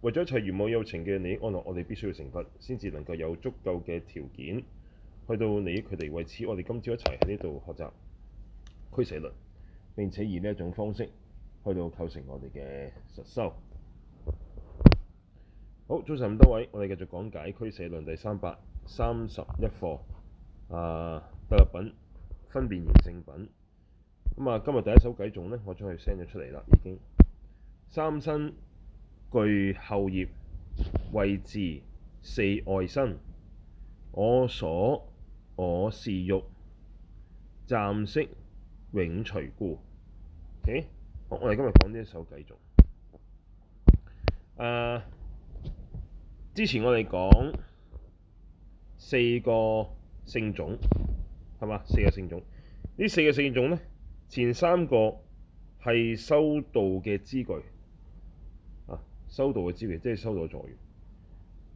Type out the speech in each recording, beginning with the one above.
為咗一齊圓滿有情嘅利益安樂，我哋必須要成佛，先至能夠有足夠嘅條件去到利益佢哋。為此，我哋今朝一齊喺呢度學習俱舍論，並且以呢一種方式去到構成我哋嘅實修。好，早晨咁多位，我哋繼續講解俱舍論第三百三十一課啊，不、呃、品，分別賢聖品。咁、嗯、啊，今日第一首偈種呢，我將佢 send 咗出嚟啦，已經三生。具後業，為治四愛生，我所我事欲暫息永除故。咦、okay？我哋今日講呢一首繼續。誒、uh，之前我哋講四個聖種，係嘛？四個聖種，呢四個聖種呢，前三個係修道嘅資具。修道嘅資具，即係修道嘅助緣。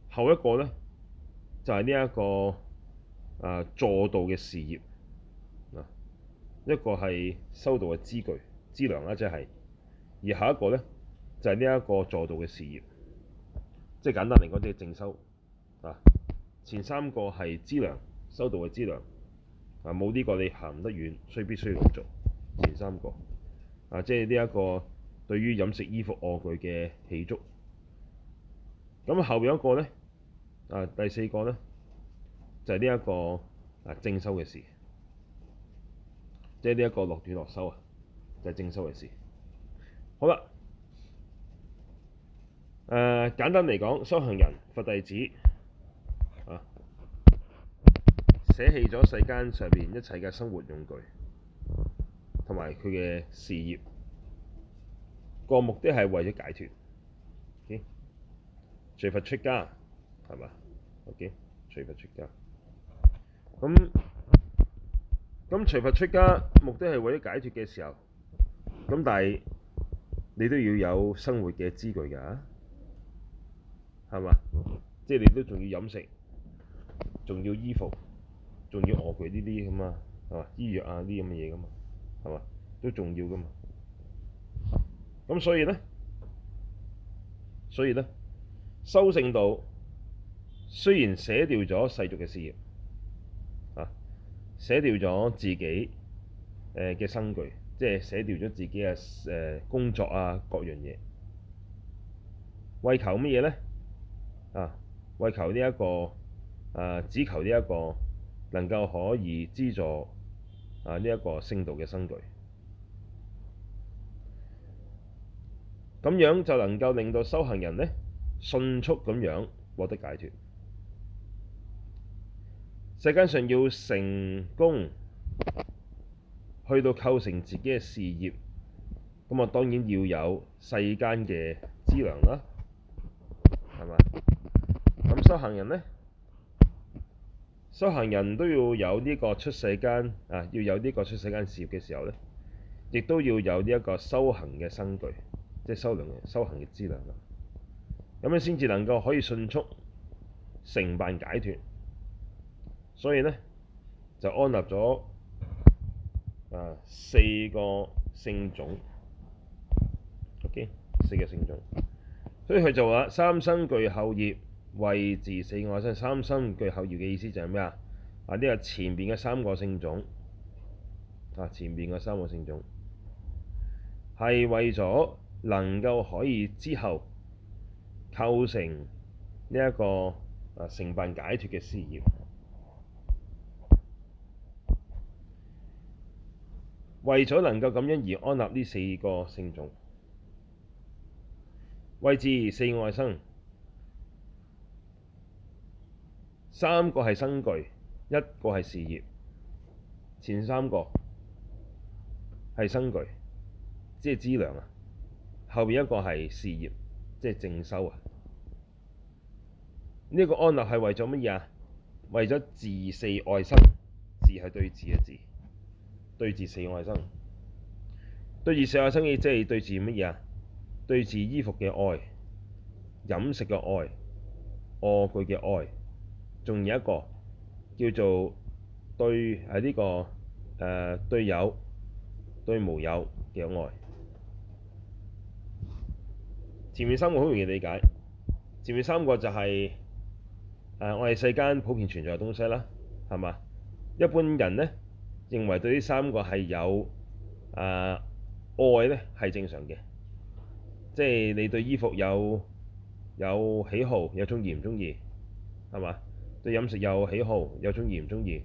後一個咧，就係、是、呢一個啊助道嘅事業。啊，一個係修道嘅資具、資糧啦，即係。而下一個咧，就係、是、呢一個助道嘅事業。即係簡單嚟講，即係正修。啊，前三個係資糧，修道嘅資糧。啊，冇呢個你行唔得遠，所以必須要做前三個。啊，即係呢一個對於飲食、衣服、臥具嘅喜足。咁後面一個呢，啊第四個呢，就係呢一個啊正修嘅事，即係呢一個樂斷樂修啊，就係、是、正修嘅事。好啦，誒、啊、簡單嚟講，修行人佛弟子啊，捨棄咗世間上邊一切嘅生活用具，同埋佢嘅事業，個目的係為咗解脫。隨佛出家，係嘛？OK，隨佛出家。咁咁隨佛出家，目的係為咗解脱嘅時候。咁但係你都要有生活嘅資具噶，係嘛？嗯、即係你都仲要飲食，仲要衣服，仲要臥具呢啲咁啊，係嘛？醫藥啊呢啲咁嘅嘢噶嘛，係嘛？都重要噶嘛。咁所以咧，所以咧。修聖道，雖然捨掉咗世俗嘅事業，啊，捨掉咗自己嘅、呃、生具，即係捨掉咗自己嘅誒、呃、工作啊，各樣嘢，為求乜嘢呢？啊，為求呢一個啊，只求呢一個能夠可以資助啊呢一個聖道嘅生具，咁樣就能夠令到修行人呢。迅速咁樣獲得解脫。世間上要成功，去到構成自己嘅事業，咁啊當然要有世間嘅資糧啦，係咪？咁修行人呢？修行人都要有呢個出世間啊，要有呢個出世間事業嘅時候呢，亦都要有呢一個修行嘅生具，即係修糧、修行嘅資糧。咁樣先至能夠可以迅速成辦解脫，所以呢，就安立咗、啊、四個聖種，OK 四個聖種。所以佢就話：三生具後業，為治四愛生。三生具後業嘅意思就係咩啊？啊呢個前邊嘅三個聖種啊，前邊嘅三個聖種係為咗能夠可以之後。構成呢一個啊成辦解脱嘅事業，為咗能夠咁樣而安立呢四個聖種，謂之四外生，三個係生具，一個係事業，前三個係生具，即係資糧啊，後邊一個係事業，即係正修啊。呢個安立係為咗乜嘢啊？為咗治四愛生，治係對治嘅治，對治四愛生，對住四愛生意，即係對住乜嘢啊？對住衣服嘅愛、飲食嘅愛、臥具嘅愛，仲有一個叫做對係呢、這個誒、呃、對有對無有嘅愛。前面三個好容易理解，前面三個就係、是。誒、啊，我哋世間普遍存在嘅東西啦，係嘛？一般人呢，認為對呢三個係有誒、啊、愛呢，係正常嘅，即係你對衣服有有喜好，有中意唔中意，係嘛？對飲食有喜好，有中意唔中意？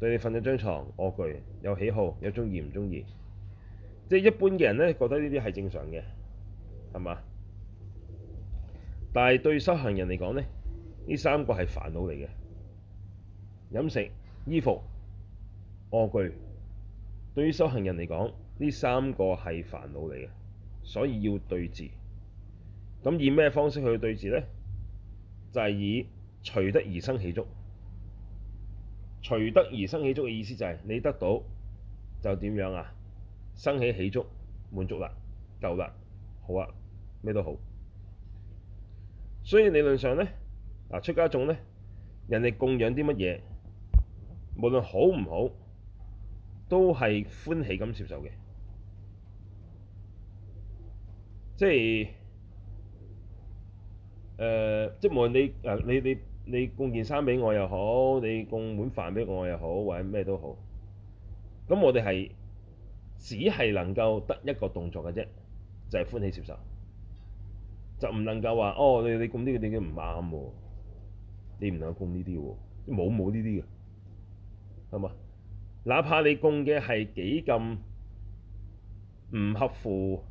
對你瞓咗張床、臥具有喜好，有中意唔中意？即係一般嘅人呢，覺得呢啲係正常嘅，係嘛？但係對修行人嚟講呢。呢三個係煩惱嚟嘅，飲食、衣服、臥具，對於修行人嚟講，呢三個係煩惱嚟嘅，所以要對治。咁以咩方式去對治呢？就係以隨得而生喜足。隨得而生喜足嘅意思就係你得到就點樣啊？生起喜足，滿足啦，夠啦，好啊，咩都好。所以理論上呢。嗱，出家眾咧，人哋供養啲乜嘢，無論好唔好，都係歡喜咁接受嘅。即係誒、呃，即係無論你誒你你你，你供件衫俾我又好，你供碗飯俾我又好，或者咩都好，咁我哋係只係能夠得一個動作嘅啫，就係、係、歡喜接受，就唔能夠話哦，你你咁呢啲嘅嘢唔啱喎。你唔能夠供呢啲喎，冇冇呢啲嘅，係嘛？哪怕你供嘅係幾咁唔合乎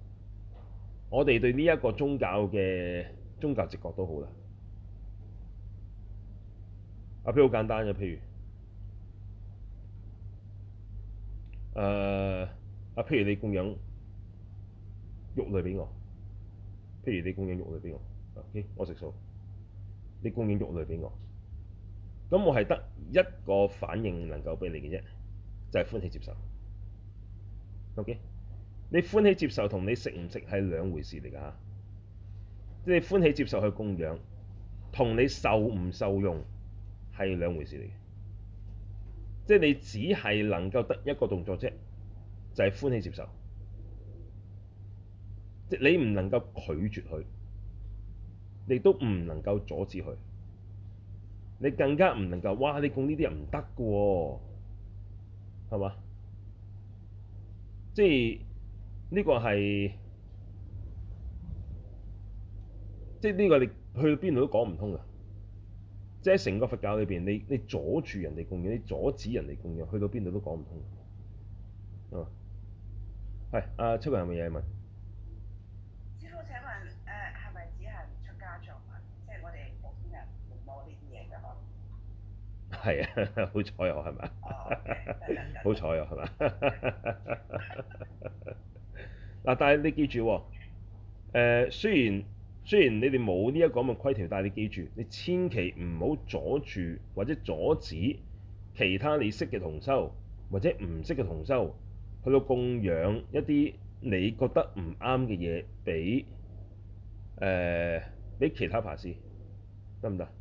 我哋對呢一個宗教嘅宗教直覺都好啦。阿 B 好簡單嘅，譬如誒，阿譬如你供養肉類俾我，譬如你供養肉類俾我，O K，我食素。你供應肉類俾我，咁我係得一個反應能夠俾你嘅啫，就係歡喜接受。OK，你歡喜接受同你食唔食係兩回事嚟㗎嚇，即係歡喜接受去供養，同你受唔受用係兩回事嚟嘅，即係你只係能夠得一個動作啫，就係歡喜接受，即係你唔能夠拒絕佢。你都唔能夠阻止佢，你更加唔能夠，哇！你供呢啲人唔得㗎喎，係嘛？即係呢個係，即係呢個你去到邊度都講唔通㗎。即係成個佛教裏邊，你你阻住人哋供養，你阻止人哋供養，去到邊度都講唔通。係嘛？係啊，阿超有冇嘢問？.係啊，好彩 我係咪？好彩啊，係咪？嗱，但係你記住，誒、呃，雖然雖然你哋冇呢一個咁嘅規條，但係你記住，你千祈唔好阻住或者阻止其他你識嘅同修或者唔識嘅同修去到供養一啲你覺得唔啱嘅嘢，俾誒俾其他法師得唔得？行。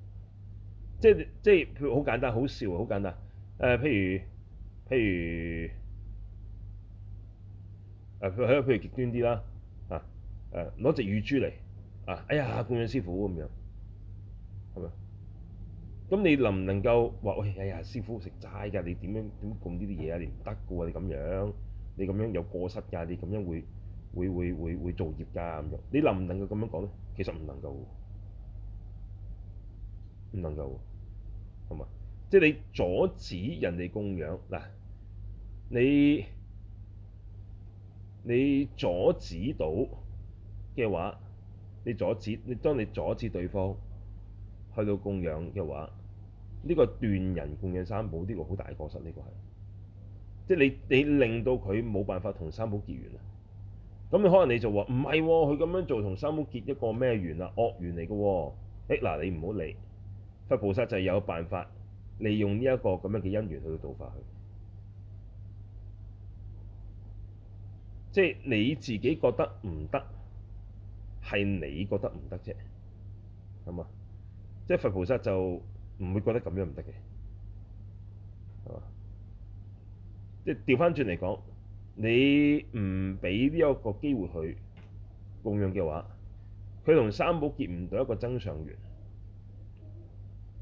即係即係，譬如好簡單，好笑啊，好簡單。誒，譬如譬如誒，譬如譬如極端啲啦，啊誒，攞隻乳豬嚟啊，哎呀，供養師傅咁樣，係咪？咁你能唔能夠話喂，哎呀，師傅食齋㗎？你點樣點供呢啲嘢啊？你唔得㗎喎，你咁樣，你咁樣有過失㗎，你咁樣會會會會會造業㗎咁樣。你能唔能夠咁樣講咧？其實唔能夠。唔能夠係嘛？即係你阻止人哋供養嗱，你你阻止到嘅話，你阻止你當你阻止對方去到供養嘅話，呢個斷人供養三寶，呢個好大嘅過失。呢個係即係你你令到佢冇辦法同三寶結緣啦。咁你可能你就話唔係喎，佢咁樣做同三寶結一個咩緣呀？惡緣嚟嘅喎。嗱，你唔好理。佛菩薩就有辦法利用呢一個咁樣嘅因緣去到度化佢，即係你自己覺得唔得，係你覺得唔得啫，係嘛？即係佛菩薩就唔會覺得咁樣唔得嘅，係嘛？即係調翻轉嚟講，你唔俾呢一個機會去供養嘅話，佢同三寶結唔到一個增上緣。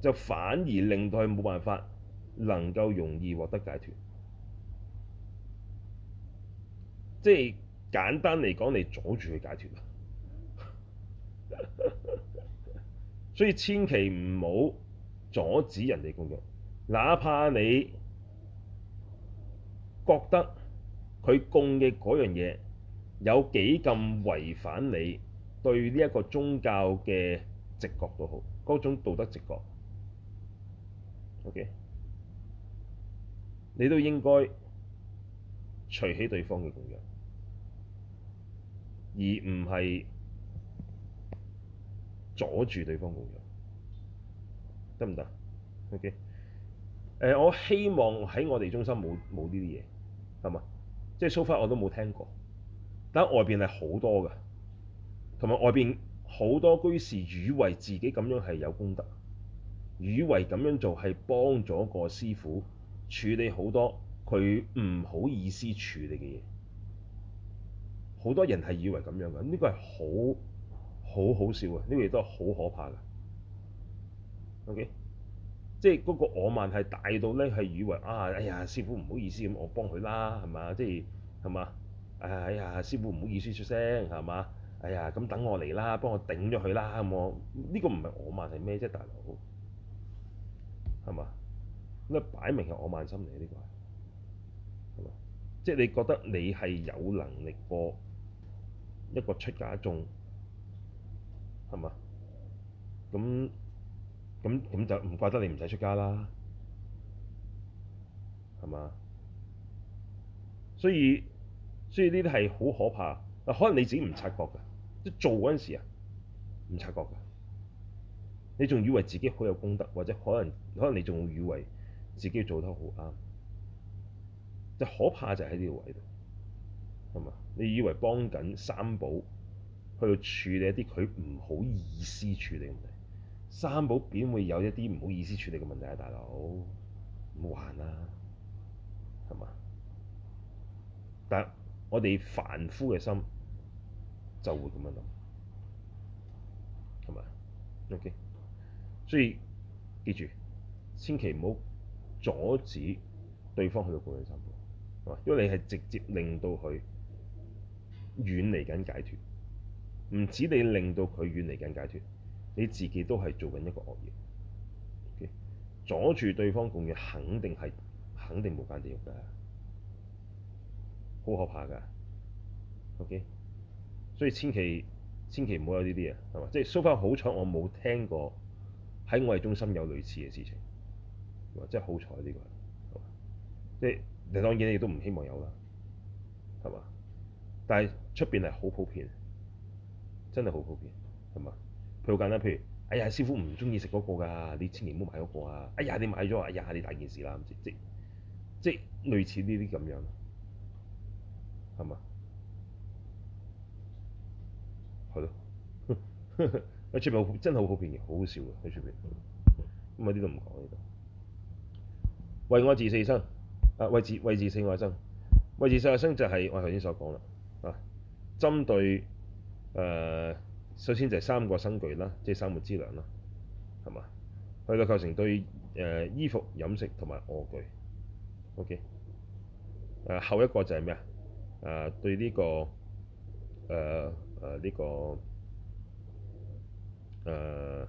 就反而令到佢冇辦法能夠容易獲得解脫，即係簡單嚟講，你阻住佢解脫， 所以千祈唔好阻止人哋供養，哪怕你覺得佢供嘅嗰樣嘢有幾咁違反你對呢一個宗教嘅直覺都好，嗰種道德直覺。O.K. 你都應該隨喜對方嘅供養，而唔係阻住對方供養，得唔得？O.K. 誒、呃，我希望喺我哋中心冇冇呢啲嘢，係嘛？即係 so far 我都冇聽過，但外邊係好多嘅，同埋外邊好多居士以為自己咁樣係有功德。以為咁樣做係幫咗個師傅處理好多佢唔好意思處理嘅嘢，好多人係以為咁樣嘅，呢個係好好好笑啊！呢個亦都係好可怕嘅。O.K.，即係嗰個我慢係大到呢係以為啊，哎呀師傅唔好意思咁，我幫佢啦，係嘛？即係係嘛？哎呀師傅唔好意思出聲，係嘛？哎呀咁等我嚟啦，幫我頂咗佢啦咁，我呢個唔係我慢係咩啫，大佬？係嘛？咁啊，擺明係我慢心嚟，呢個係，係嘛？即係你覺得你係有能力過一個出家仲，係嘛？咁咁咁就唔怪得你唔使出家啦，係嘛？所以所以呢啲係好可怕。可能你自己唔察覺㗎，即係做嗰陣時啊，唔察覺㗎。你仲以為自己好有功德，或者可能？可能你仲以為自己做得好啱，最可怕就喺呢個位度，係嘛？你以為幫緊三寶去處理一啲佢唔好意思處理嘅問題，三寶點會有一啲唔好意思處理嘅問題啊？大佬，唔好玩啦，係嘛？但我哋凡夫嘅心就會咁樣諗，係嘛？OK，所以記住。千祈唔好阻止對方去到供養三寶，係嘛？因為你係直接令到佢遠離緊解脫，唔止你令到佢遠離緊解脫，你自己都係做緊一個惡業。阻住對方供養，肯定係肯定無間地獄㗎，好可怕㗎。OK，所以千祈千祈唔好有呢啲嘢，係嘛？即係 so far 好彩，我冇聽過喺我哋中心有類似嘅事情。哇！真係好彩呢個，即係你當然你亦都唔希望有啦，係嘛？但係出邊係好普遍，真係好普遍，係嘛？譬如簡單，譬如哎呀，師傅唔中意食嗰個㗎，啊，你千祈唔好買嗰個啊！哎呀，你買咗，哎呀，你大件事啦咁，即即係類似呢啲咁樣，係嘛？係咯，出邊真係好普遍嘅，好好笑嘅喺出邊，咁啊啲都唔講呢度。嗯為治四愛生，啊，為治為治四愛生，為治四愛生就係我頭先所講啦。啊，針對誒、呃，首先就係三個生具啦，即、就、係、是、生活之糧啦，係嘛？佢嘅構成對誒、呃、衣服、飲食同埋臥具。OK，誒、呃、後一個就係咩啊？誒、呃、對呢、這個誒誒呢個誒誒、呃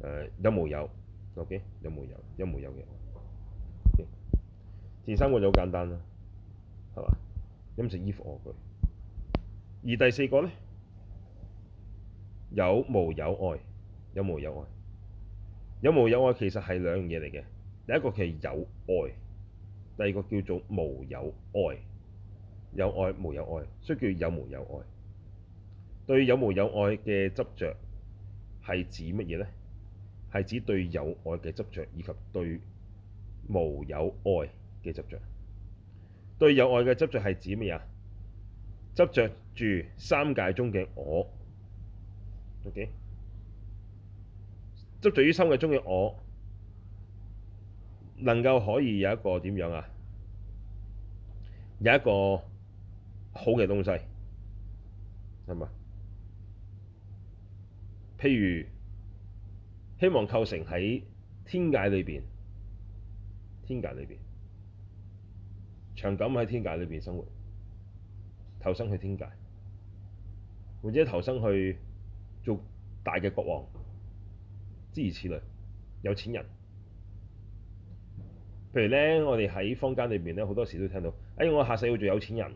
呃、有無有？OK，有無有，有無有嘅。前三個就好簡單啦，係嘛？飲食、衣服、臥具。而第四個呢，有無有愛？有無有愛？有無有愛其實係兩樣嘢嚟嘅。第一個係有愛，第二個叫做無有愛。有愛、無有愛，所以叫有無有愛。對有無有愛嘅執着係指乜嘢呢？係指對有愛嘅執着，以及對無有愛嘅執著，對有愛嘅執着係指咩啊？執着住三界中嘅我，OK，執着於三界中嘅我，能夠可以有一個點樣啊？有一個好嘅東西，係咪？譬如希望構成喺天界裏邊，天界裏邊。長噉喺天界裏邊生活，投生去天界，或者投生去做大嘅國王，諸如此類，有錢人。譬如咧，我哋喺坊間裏邊咧，好多時都聽到，誒、哎，我下世要做有錢人，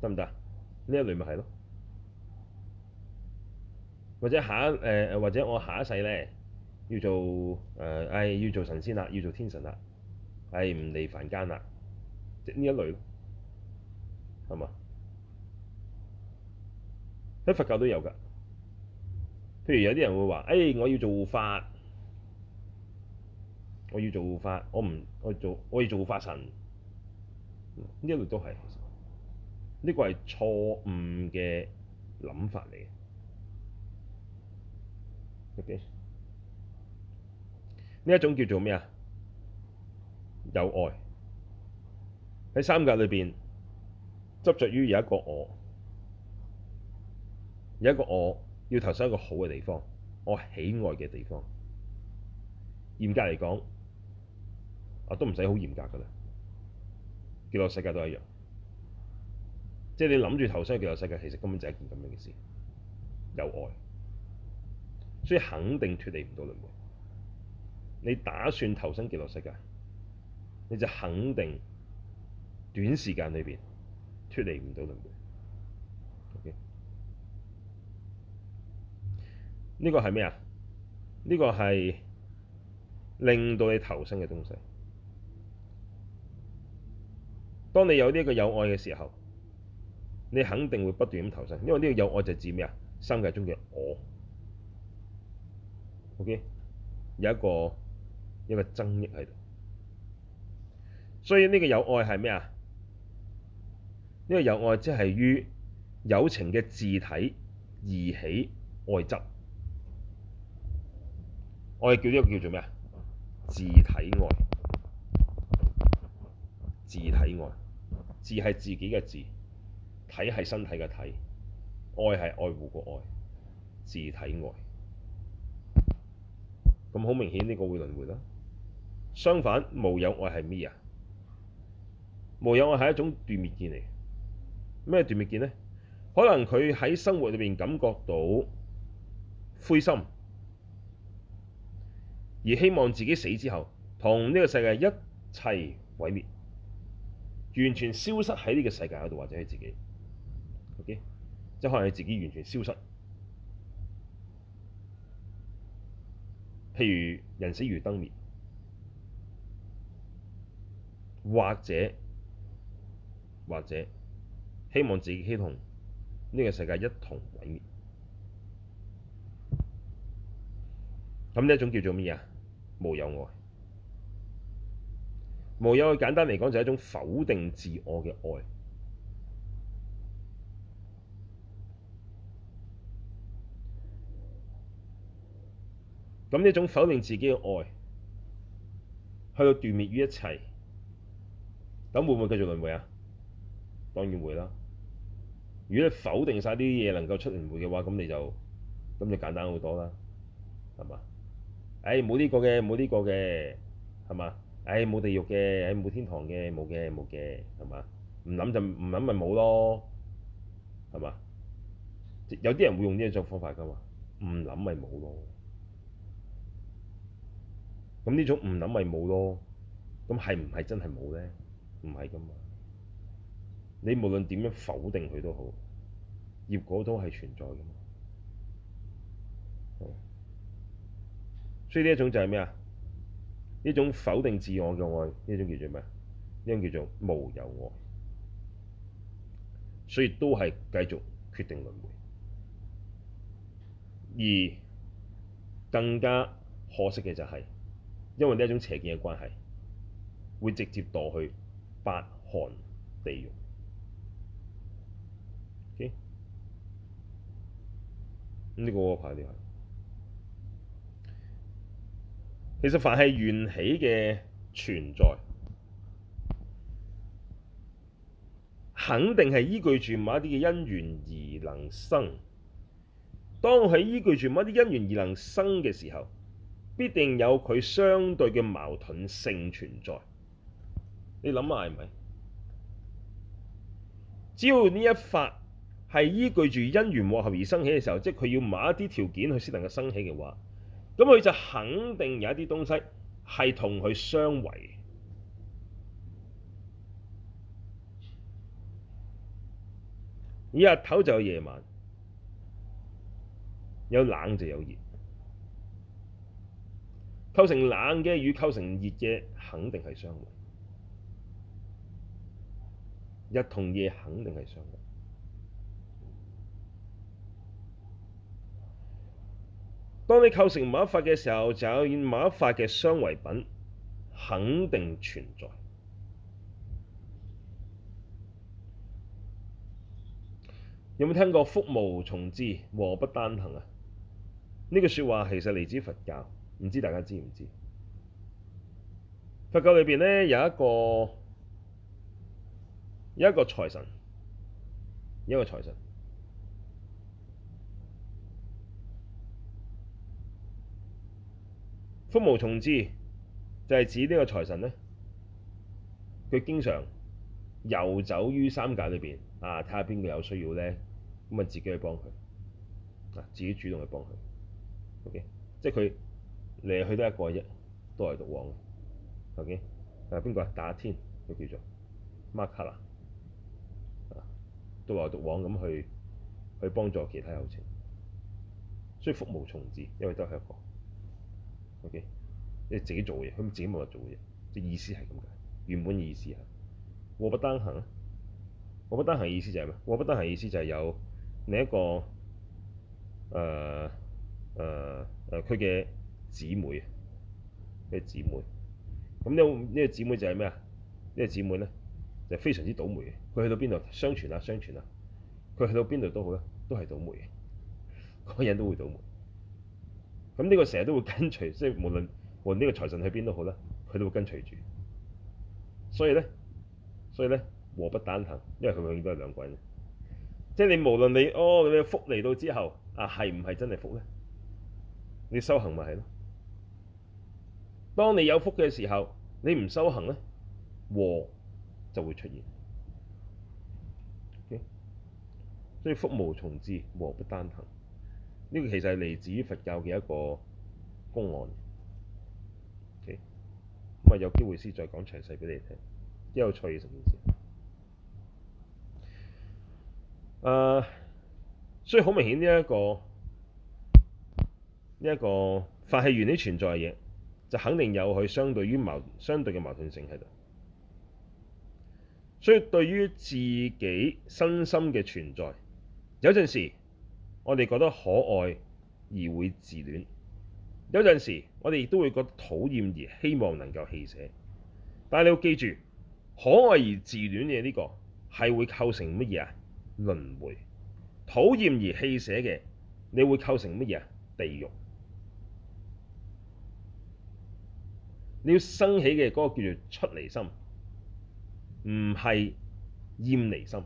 得唔得？呢一類咪係咯。或者下一誒誒、呃，或者我下一世咧，要做誒，誒、呃哎、要做神仙啦，要做天神啦。哎，唔嚟凡間啦，即呢一類，係嘛？喺佛教都有㗎。譬如有啲人會話：哎，我要做護法，我要做護法，我唔，我做，我要做護法神。呢一類都係，呢個係錯誤嘅諗法嚟嘅。Okay? 呢一種叫做咩啊？有愛，喺三界裏邊，執着於有一個我，有一個我要投身一個好嘅地方，我喜愛嘅地方。嚴格嚟講，啊都唔使好嚴格噶啦，極樂世界都一樣。即係你諗住投身極樂世界，其實根本就係一件咁樣嘅事。有愛，所以肯定脱離唔到輪迴。你打算投身極樂世界？你就肯定短時間裏邊脱離唔到輪迴。OK，呢個係咩啊？呢個係令到你投生嘅東西。當你有呢一個有愛嘅時候，你肯定會不斷咁投生，因為呢個有愛就指咩啊？三界中嘅我。OK，有一個有一個增益喺度。所以呢個有愛係咩啊？呢個有愛即係於有情嘅自體而起愛執，我哋叫呢個叫做咩啊？自體愛，自體愛，自係自己嘅自，體係身體嘅體，愛係愛護個愛，自體愛，咁好明顯呢個會輪迴啦。相反無有愛係咩啊？無有愛係一種斷滅見嚟，咩斷滅見咧？可能佢喺生活裏邊感覺到灰心，而希望自己死之後同呢個世界一齊毀滅，完全消失喺呢個世界嗰度，或者係自己。O.K.，即可能係自己完全消失，譬如人死如燈滅，或者。或者希望自己同呢個世界一同毀滅，咁呢一種叫做咩啊？無有愛，無有愛簡單嚟講就一種否定自我嘅愛。咁呢種否定自己嘅愛，去到斷滅於一切，咁會唔會繼續輪迴啊？當然會啦。如果你否定曬啲嘢能夠出現會嘅話，咁你就咁就簡單好多啦，係嘛？誒冇呢個嘅，冇呢個嘅，係嘛？誒、哎、冇地獄嘅，誒、哎、冇天堂嘅，冇嘅，冇嘅，係嘛？唔諗就唔諗咪冇咯，係嘛？有啲人會用呢一種方法噶嘛，唔諗咪冇咯。咁呢種唔諗咪冇咯。咁係唔係真係冇咧？唔係噉嘛。你無論點樣否定佢都好，結果都係存在㗎嘛、嗯。所以呢一種就係咩啊？呢種否定自我嘅愛，呢種叫做咩？呢種叫做無有愛。所以都係繼續決定輪迴，而更加可惜嘅就係、是，因為呢一種邪見嘅關係，會直接墮去八寒地獄。呢個派定，其實凡係緣起嘅存在，肯定係依據住某一啲嘅因緣而能生。當佢依據住某一啲因緣而能生嘅時候，必定有佢相對嘅矛盾性存在。你諗下係咪？只要呢一法。係依據住因緣和合而生起嘅時候，即係佢要某一啲條件去先能夠生起嘅話，咁佢就肯定有一啲東西係同佢相違。而日頭就有夜晚，有冷就有熱，構成冷嘅與構成熱嘅肯定係相違。日同夜肯定係相違。當你構成某一法嘅時候，就係某一法嘅相違品，肯定存在。有冇聽過福無從至，禍不單行啊？呢句説話其實嚟自佛教，唔知大家知唔知？佛教裏邊呢，有一個有一個財神，有一個財神。福無從知，就係、是、指呢個財神咧，佢經常游走於三界裏邊啊，睇下邊個有需要咧，咁啊自己去幫佢啊，自己主動去幫佢，O K，即係佢嚟去都一個啫，獨來獨往，O K，係邊個啊？打天佢叫做 m a 馬卡啦，啊，獨來獨往咁去去幫助其他友情，所以福無從知，因為都佢一個。O.K.，即係自己做嘢，佢自己冇落做嘢，即意思係咁解，原本意思啊。禍不單行咧，禍不單行意思就係咩？禍不單行意思就係有另一個誒誒誒，佢嘅姊妹啊，呢、呃呃、姊妹。咁呢？呢個姊妹就係咩啊？呢、呢個姊妹咧就係、非常之倒霉。佢去到邊度相傳啊，相傳啊，佢去到邊度都好咧，都係倒霉嘅。人都會倒霉。咁呢個成日都會跟隨，即係無論無論呢個財神去邊都好啦，佢都會跟隨住。所以咧，所以咧，禍不單行，因為佢永遠都係兩個人。即係你無論你哦，你福嚟到之後，啊係唔係真係福咧？你修行咪係咯。當你有福嘅時候，你唔修行咧，禍就會出現。Okay? 所以福無雙至，禍不單行。呢個其實係嚟自於佛教嘅一個公案，咁、okay? 啊有機會先再講詳細俾你聽，幾有趣嘅一件事。誒、uh,，所以好明顯呢一個呢一、這個凡係緣起存在嘅嘢，就肯定有佢相對於矛相對嘅矛盾性喺度。所以對於自己身心嘅存在，有陣時，我哋覺得可愛而會自戀，有陣時我哋亦都會覺得討厭而希望能夠棄捨。但係你要記住，可愛而自戀嘅呢個係會構成乜嘢啊？輪迴。討厭而棄捨嘅，你會構成乜嘢啊？地獄。你要升起嘅嗰個叫做出離心，唔係厭離心。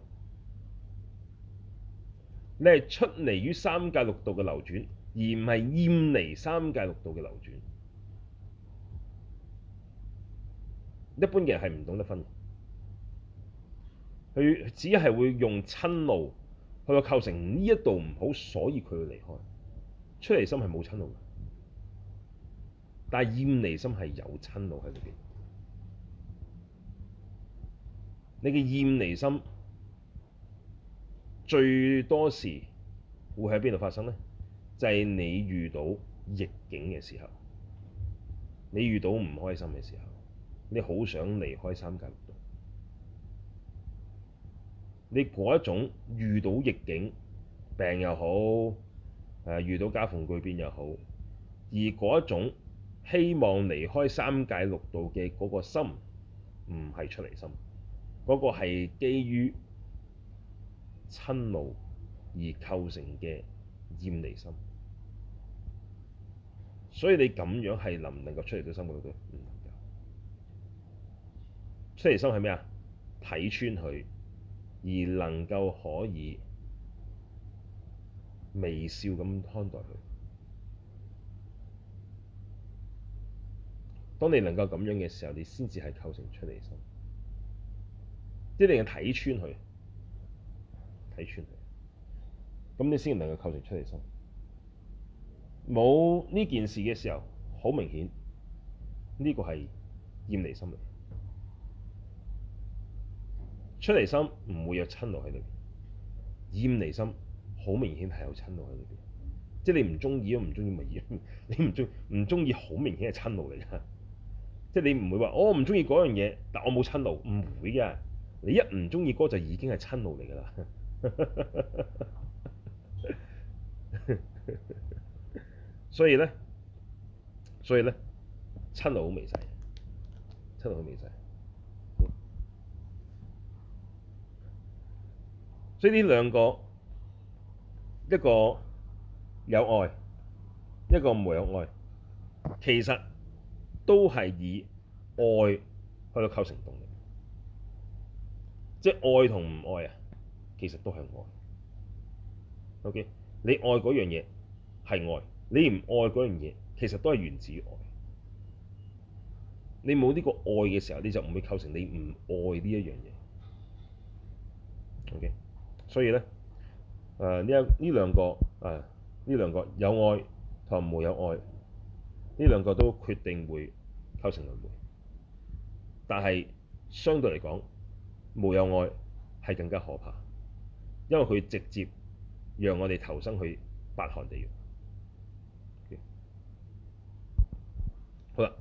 你係出離於三界六道嘅流轉，而唔係厭離三界六道嘅流轉。一般嘅人係唔懂得分，佢只係會用親路去到構成呢一度唔好，所以佢會離開。出離心係冇親路嘅，但係厭離心係有親路喺裏邊。你嘅厭離心。最多時會喺邊度發生呢？就係你遇到逆境嘅時候，你遇到唔開心嘅時候，你好想離開三界六道。你嗰一種遇到逆境，病又好，誒遇到家逢巨變又好，而嗰一種希望離開三界六道嘅嗰個心，唔係出離心，嗰個係基於。親怒而構成嘅厭離心，所以你咁樣係能唔能，能夠出嚟？心冇得，出離心係咩啊？睇穿佢而能夠可以微笑咁看待佢。當你能夠咁樣嘅時候，你先至係構成出離心，一定要睇穿佢。俾咁你先能夠構成出離心。冇呢件事嘅時候，好明顯呢個係厭離心嚟。出離心唔會有瞋怒喺裏邊，厭離心好明顯係有瞋怒喺裏邊。即係你唔中意都唔中意，咪而你唔中唔中意，好明顯係瞋怒嚟㗎。即係你唔會話我唔中意嗰樣嘢，但我冇瞋怒，唔會㗎。你一唔中意嗰就已經係瞋怒嚟㗎啦。所以呢，所以呢，親到好微細，親到好微細。所以呢兩個，一個有愛，一個無有愛，其實都係以愛去到構成動力，即係愛同唔愛啊。其實都係愛，OK？你愛嗰樣嘢係愛，你唔愛嗰樣嘢其實都係源自於愛。你冇呢個愛嘅時候，你就唔會構成你唔愛呢一樣嘢。OK？所以呢，誒呢一呢兩個誒呢兩個有愛同冇有愛，呢兩個都決定會構成輪迴，但係相對嚟講冇有愛係更加可怕。因為佢直接讓我哋投生去八寒地獄。Okay? 好啦，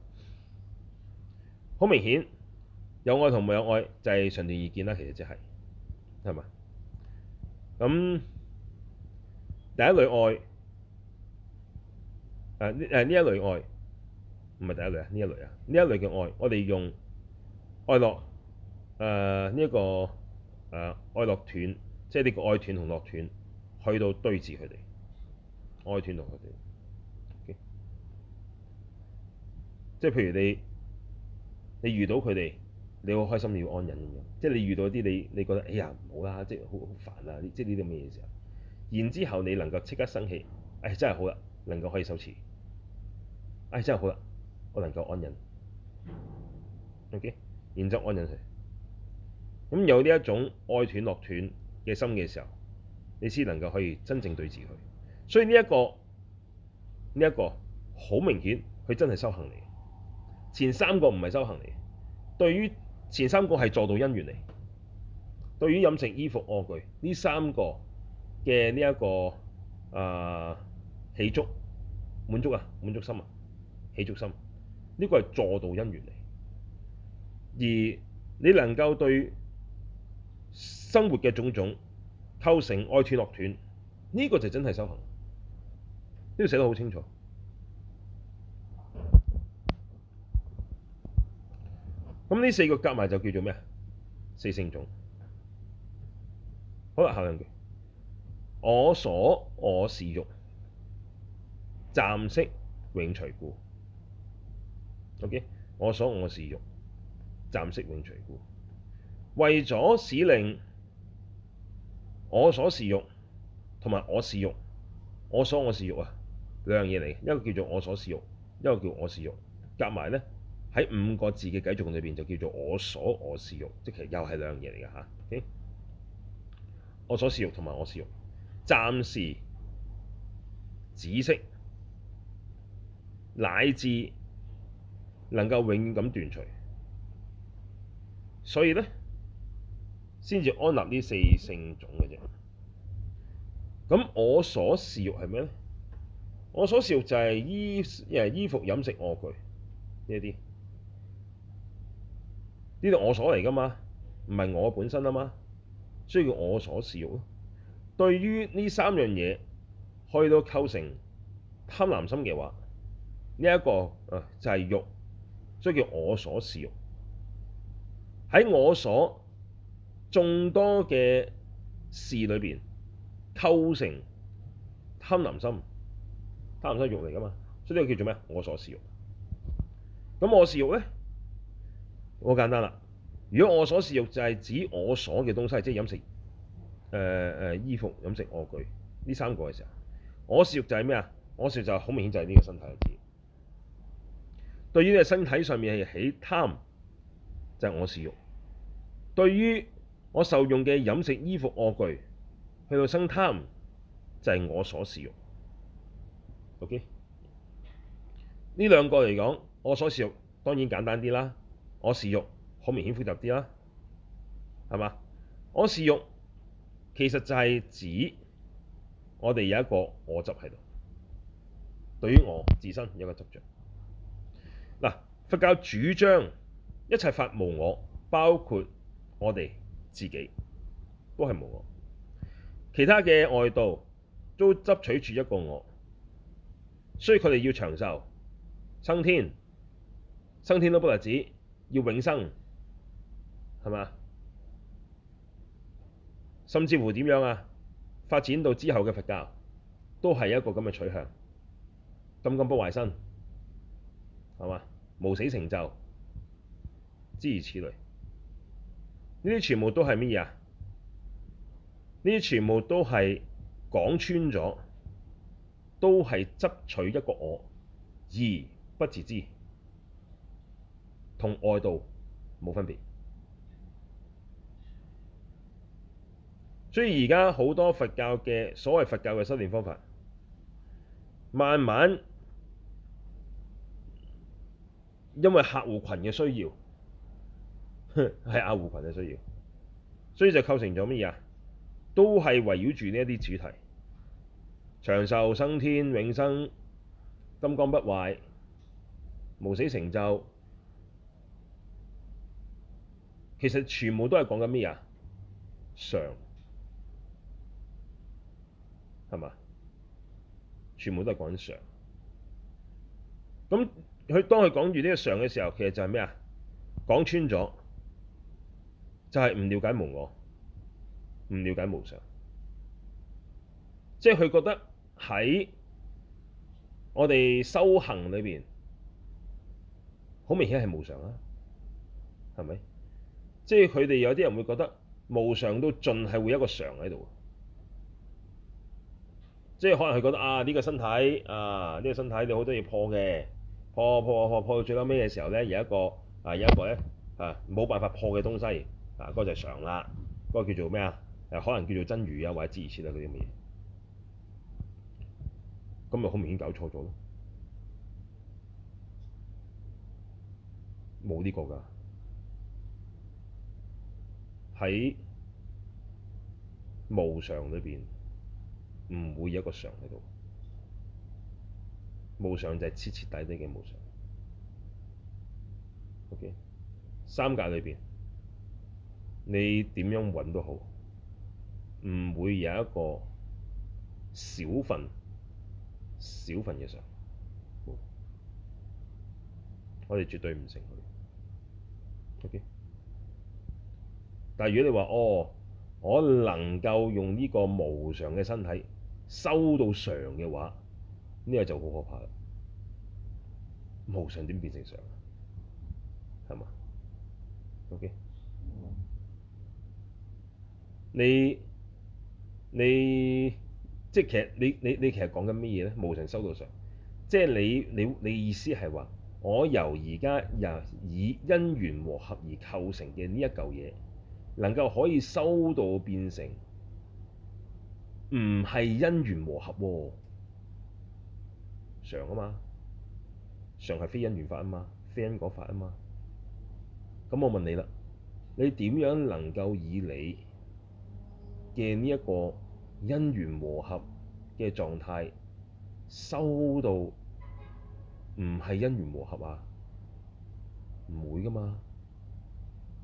好明顯，有愛同冇有愛就係斷常二見啦。其實就係係嘛？咁、嗯、第一類愛誒誒呢一類愛唔係第一類啊，呢一類啊呢一類嘅愛，我哋用愛樂誒呢一個誒、呃、愛樂團。即係呢個愛斷同樂斷對治，去到對治佢哋愛斷同佢哋，okay? 即係譬如你你遇到佢哋，你好開心，你要安忍咁樣。即係你遇到啲你你覺得哎呀唔好啦，即係好好煩啊！即係呢啲咁嘅嘢時候，然之後你能夠即刻生氣，唉、哎，真係好啦，能夠可以收持。唉、哎，真係好啦，我能夠安忍。OK，然之後安忍佢。咁有呢一種愛斷樂斷。嘅心嘅時候，你先能夠可以真正對治佢。所以呢、這、一個呢一、這個好明顯，佢真係修行嚟。前三個唔係修行嚟，對於前三個係助道因緣嚟。對於飲食衣服臥具呢三個嘅呢一個啊喜、呃、足滿足啊滿足心啊喜足心，呢、這個係助道因緣嚟。而你能夠對生活嘅種種構成愛斷樂斷，呢個就真係修行。呢度寫得好清楚。咁呢四個夾埋就叫做咩啊？四聖種。好啦，下兩句。我所我事欲，暫息永除故。O.K. 我所我事欲，暫息永除故。為咗使令我所事欲，同埋我事欲，我所我事欲，啊兩樣嘢嚟嘅，一個叫做我所事欲，一個叫我事欲，夾埋咧喺五個字嘅偈中裏邊就叫做我所我事欲，即其實又係兩樣嘢嚟嘅嚇。Okay? 我所事欲同埋我事欲，暫時止息乃至能夠永遠咁斷除，所以咧。先至安立呢四聖種嘅啫。咁我所事欲係咩咧？我所事欲就係衣，誒衣服、飲食、臥具呢一啲，呢度我所嚟噶嘛，唔係我本身啊嘛，所以叫我所事欲咯。對於呢三樣嘢可以都構成貪婪心嘅話，呢一個就係欲，所以叫我所事欲喺、這個、我所。眾多嘅事裏邊構成貪婪心，貪婪心欲嚟㗎嘛？所以呢個叫做咩？我所事欲。咁我事欲咧，好簡單啦。如果我所事欲就係指我所嘅東西，即係飲食、誒、呃、誒、呃、衣服、飲食、臥具呢三個嘅時候，我事欲就係咩啊？我事就係好明顯就係呢個身體嘅字。對於你嘅身體上面係起貪，就係、是、我事欲。對於我受用嘅飲食、衣服、臥具，去到生貪就係、是、我所事欲。OK，呢兩個嚟講，我所事欲當然簡單啲啦。我事欲好明顯複雜啲啦，係嘛？我事欲其實就係指我哋有一個我執喺度，對於我自身有一個執着。嗱，佛教主張一切法無我，包括我哋。自己都係無我，其他嘅外道都執取住一個我，所以佢哋要長壽、生天、生天都不但止，要永生，係嘛？甚至乎點樣啊？發展到之後嘅佛教都係一個咁嘅取向，金剛不壞身，係嘛？無死成就，諸如此類。呢啲全部都係乜嘢啊？呢啲全部都係講穿咗，都係執取一個我，而不自知，同外道冇分別。所以而家好多佛教嘅所謂佛教嘅修煉方法，慢慢因為客戶群嘅需要。係阿胡群嘅需要，所以就構成咗乜嘢啊？都係圍繞住呢一啲主題：長壽、生天、永生、金剛不壞、無死成就。其實全部都係講緊咩啊？常係嘛？全部都係講緊常。咁佢當佢講住呢個常嘅時候，其實就係咩啊？講穿咗。就係唔了解無我，唔了解無常，即係佢覺得喺我哋修行裏邊好明顯係無常啊，係咪？即係佢哋有啲人會覺得無常都盡係會一個常喺度，即係可能佢覺得啊，呢個身體啊，呢個身體你好多嘢破嘅，破破破破到最撚尾嘅時候咧，有一個啊有一個咧啊冇辦法破嘅東西。嗱，嗰個就係常啦，嗰個叫做咩啊？誒，可能叫做真如啊，或者諸如此類啊嗰啲咁嘅嘢。噉咪好明顯搞錯咗咯，冇呢個㗎。喺無常裏邊，唔會有一個常喺度。無常就係徹徹底底嘅無常。O.K. 三界裏邊。你點樣揾都好，唔會有一個小份小份嘅常、嗯。我哋絕對唔成佢。O.K. 但係如果你話哦，我能夠用呢個無常嘅身體收到常嘅話，呢個就好可怕啦。無常點變成常啊？係嘛？O.K. 你你即係其實你你你其實講緊咩嘢咧？無神修到常，即係你你你意思係話我由而家由以因緣和合而構成嘅呢一嚿嘢，能夠可以修到變成唔係因緣和合常啊嘛？常係非因緣法啊嘛？非因果法啊嘛？咁我問你啦，你點樣能夠以你？嘅呢一個因緣和合嘅狀態，收到唔係因緣和合啊，唔會㗎嘛。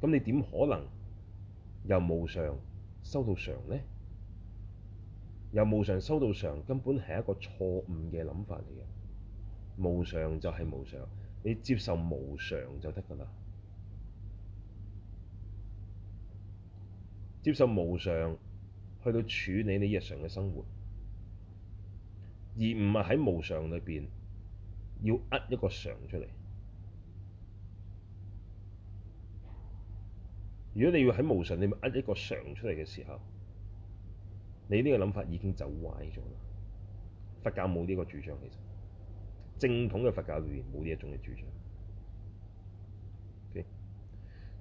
咁你點可能由無常收到常呢？由無常收到常，根本係一個錯誤嘅諗法嚟嘅。無常就係無常，你接受無常就得㗎啦，接受無常。去到處理你日常嘅生活，而唔係喺無常裏邊要呃一個常出嚟。如果你要喺無常裏面呃一個常出嚟嘅時候，你呢個諗法已經走壞咗啦。佛教冇呢個主張，其實正統嘅佛教裏邊冇呢一種嘅主張。Okay?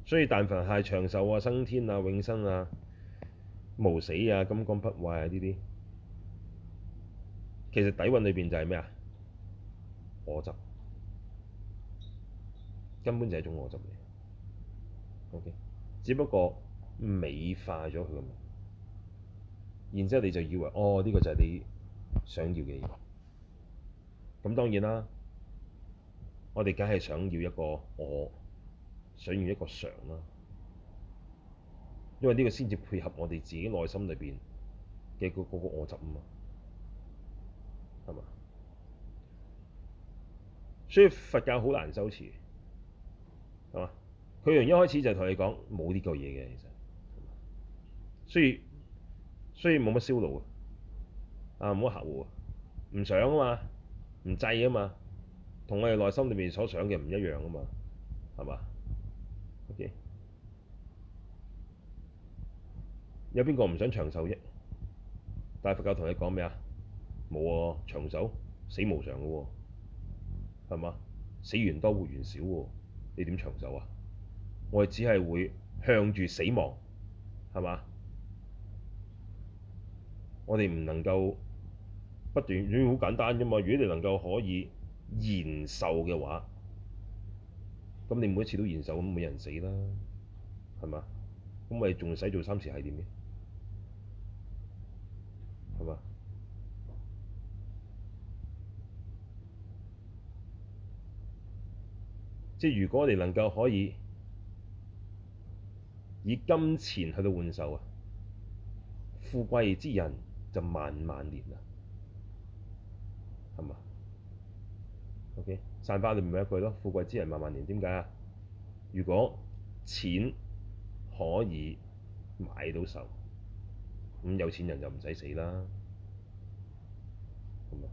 所以但凡係長壽啊、生天啊、永生啊。無死啊，金剛不壞啊，呢啲其實底蘊裏邊就係咩啊？我執根本就係一種我執嚟，OK？只不過美化咗佢嘅名，然之後你就以為哦，呢個就係你想要嘅嘢。咁當然啦，我哋梗係想要一個我，想要一個常啦。因為呢個先至配合我哋自己內心裏邊嘅嗰嗰個惡習啊嘛，係嘛？所以佛教好難修持，係嘛？佢從一開始就同你講冇呢個嘢嘅，其實，係嘛？所以所以冇乜燒腦啊，啊冇乜喉啊，唔想啊嘛，唔制啊嘛，同我哋內心裏面所想嘅唔一樣啊嘛，係嘛？O K。Okay? 有邊個唔想長壽啫？但係佛教同你講咩啊？冇喎，長壽死無常嘅喎，係嘛？死緣多活緣少喎，你點長壽啊？我哋只係會向住死亡，係嘛？我哋唔能夠不斷，咁好簡單啫嘛。如果你能夠可以延壽嘅話，咁你每一次都延壽，咁冇人死啦，係嘛？咁我哋仲使做三次係點嘅？係嘛？即係如果你能夠可以以金錢去到換壽啊，富貴之人就萬萬年啦，係嘛？OK，散發你咪一句咯，富貴之人萬萬年，點解啊？如果錢可以買到壽。咁、嗯、有錢人就唔使死啦，咁啊，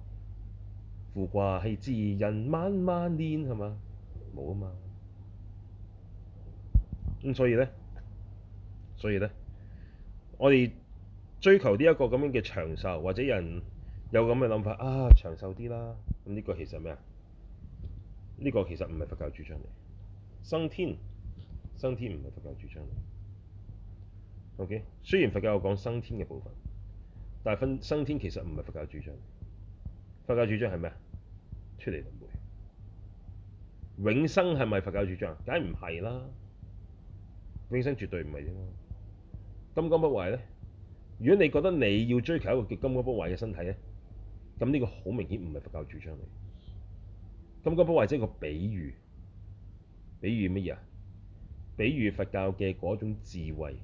富貴係自然人慢慢練係嘛，冇啊嘛，咁所以咧，所以咧，我哋追求呢一個咁樣嘅長壽，或者有人有咁嘅諗法啊，長壽啲啦，咁、嗯、呢、這個其實咩啊？呢、這個其實唔係佛教主張嚟，生天，生天唔係佛教主張嚟。O.K. 雖然佛教有講生天嘅部分，但係分生天其實唔係佛，佛，佛教主張。佛教主張係咩啊？出離輪迴。永生係咪佛教主張？梗唔係啦，永生絕對唔係啫嘛。金剛不壞咧，如果你覺得你要追求一個叫金剛不壞嘅身體咧，咁呢個好明顯唔係佛教主張嚟。金剛不壞即係一個比喻，比喻咩啊？比喻佛教嘅嗰種智慧。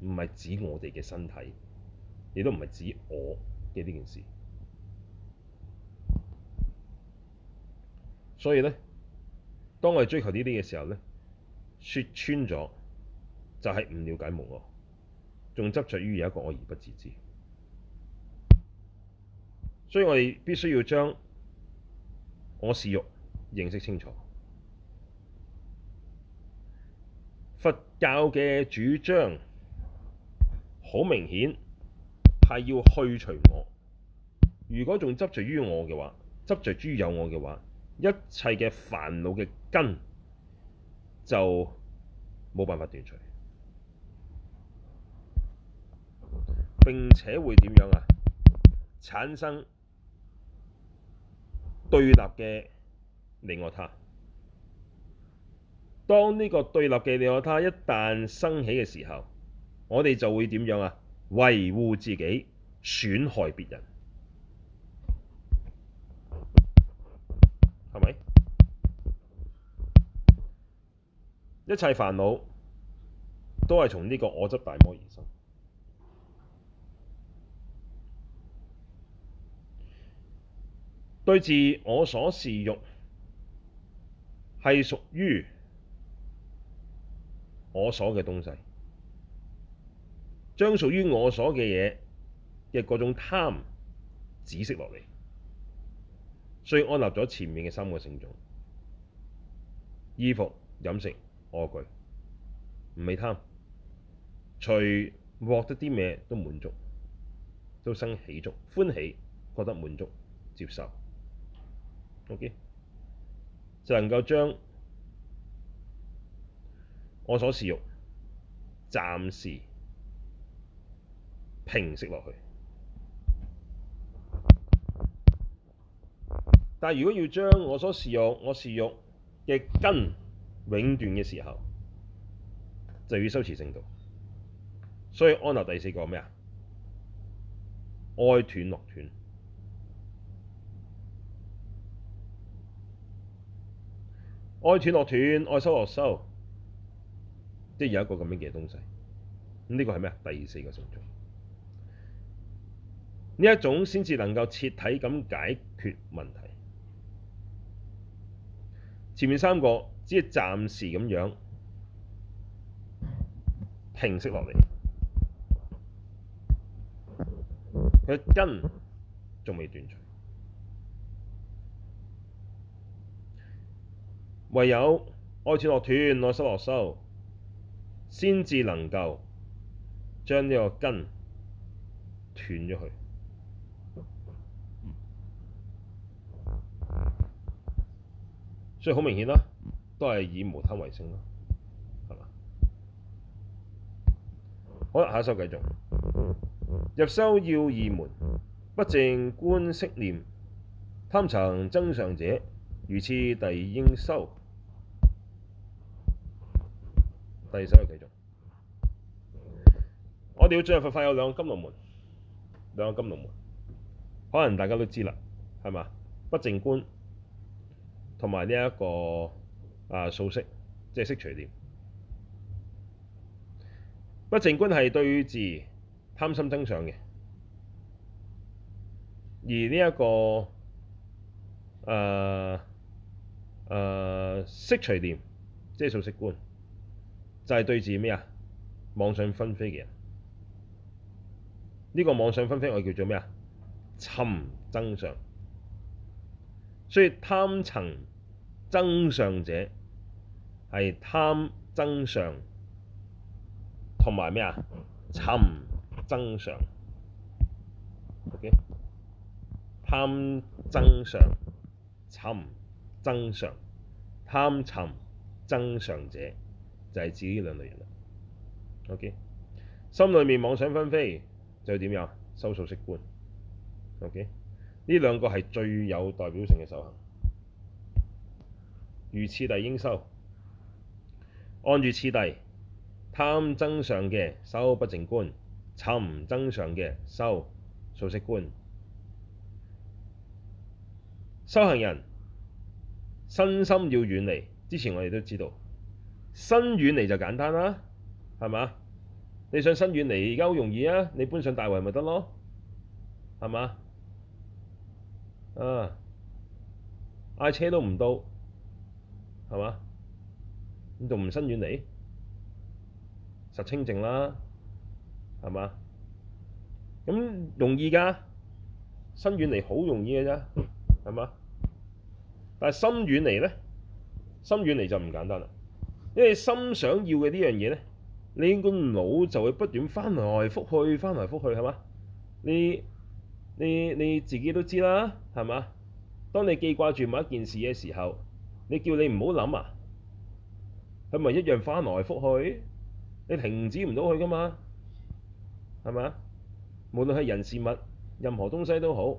唔係指我哋嘅身體，亦都唔係指我嘅呢件事。所以呢，當我哋追求呢啲嘅時候呢，説穿咗就係唔了解無我，仲執着於有一個我而不自知。所以我哋必須要將我事欲認識清楚。佛教嘅主張。好明顯係要去除我，如果仲執着於我嘅話，執着於有我嘅話，一切嘅煩惱嘅根就冇辦法斷除，並且會點樣啊？產生對立嘅你我他。當呢個對立嘅你我他一旦生起嘅時候，我哋就會點樣啊？維護自己，損害別人，係咪？一切煩惱都係從呢個我執大魔而生。對，自我所事欲係屬於我所嘅東西。將屬於我所嘅嘢嘅嗰種貪止息落嚟，所以安立咗前面嘅三個聖種：衣服、飲食、臥具，唔起貪，除獲得啲咩都滿足，都生喜足、歡喜，覺得滿足、接受。OK，就能夠將我所事欲暫時平息落去，但如果要將我所事欲，我事欲嘅根永斷嘅時候，就要修持聖道。所以安立第四個咩啊？愛斷樂斷，愛斷樂斷，愛修樂修，即係有一個咁樣嘅東西。呢個係咩啊？第四個聖種。呢一種先至能夠徹底咁解決問題，前面三個只係暫時咁樣平息落嚟，佢根仲未斷除，唯有愛斷樂斷，愛修樂修，先至能夠將呢個根斷咗去。所以好明顯啦，都係以無貪為性咯，係嘛？好啦，下一首繼續。入修要二門，不淨觀息念，貪尋增上者，如次第應修。第二首嚟繼續。我哋要進入佛法有兩個甘露門，兩個甘露門，可能大家都知啦，係嘛？不淨觀。同埋呢一個啊、呃、數息，即係持息念。不淨觀係對治貪心增上嘅，而呢、這、一個啊啊持息念，即係數息觀，就係、是、對治咩啊妄想紛飛嘅人。呢、這個妄想紛飛我哋叫做咩啊？尋增上，所以貪尋增上者係貪增上同埋咩啊？尋增上，ok 貪增上尋增上貪尋增上者就係指呢兩類人啦。ok 心裡面妄想紛飛，就點樣收數息觀？ok 呢兩個係最有代表性嘅修行。如次第應修，按住次第，貪增上嘅修不淨觀，尋增上嘅修數息觀。修行人身心要遠離，之前我哋都知道，身遠離就簡單啦，係嘛？你想身遠離而家好容易啊，你搬上大圍咪得咯，係嘛？啊，嗌車都唔到。係嘛？咁仲唔身遠離，實清淨啦，係嘛？咁容易噶，身遠離好容易嘅啫，係嘛？但係心遠離呢，心遠離就唔簡單啦，因為心想要嘅呢樣嘢呢，你個腦就會不斷翻來覆去，翻來覆去，係嘛？你你你自己都知啦，係嘛？當你記掛住某一件事嘅時候。你叫你唔好諗啊，係咪一樣翻來覆去，你停止唔到佢噶嘛，係咪啊？無論係人事物，任何東西都好，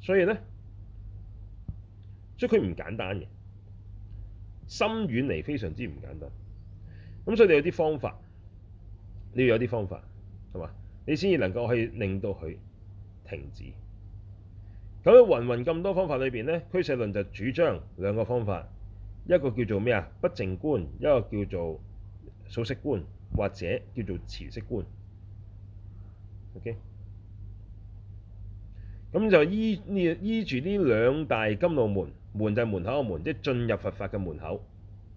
所以咧，所以佢唔簡單嘅，心遠離非常之唔簡單，咁所以你有啲方法，你要有啲方法，係嘛，你先至能夠去令到佢停止。喺芸芸咁多方法裏邊呢，俱舍論就主張兩個方法，一個叫做咩啊？不淨觀，一個叫做數息觀，或者叫做持息觀。OK，咁就依呢依住呢兩大甘露門，門就係門口嘅門，即係進入佛法嘅門口。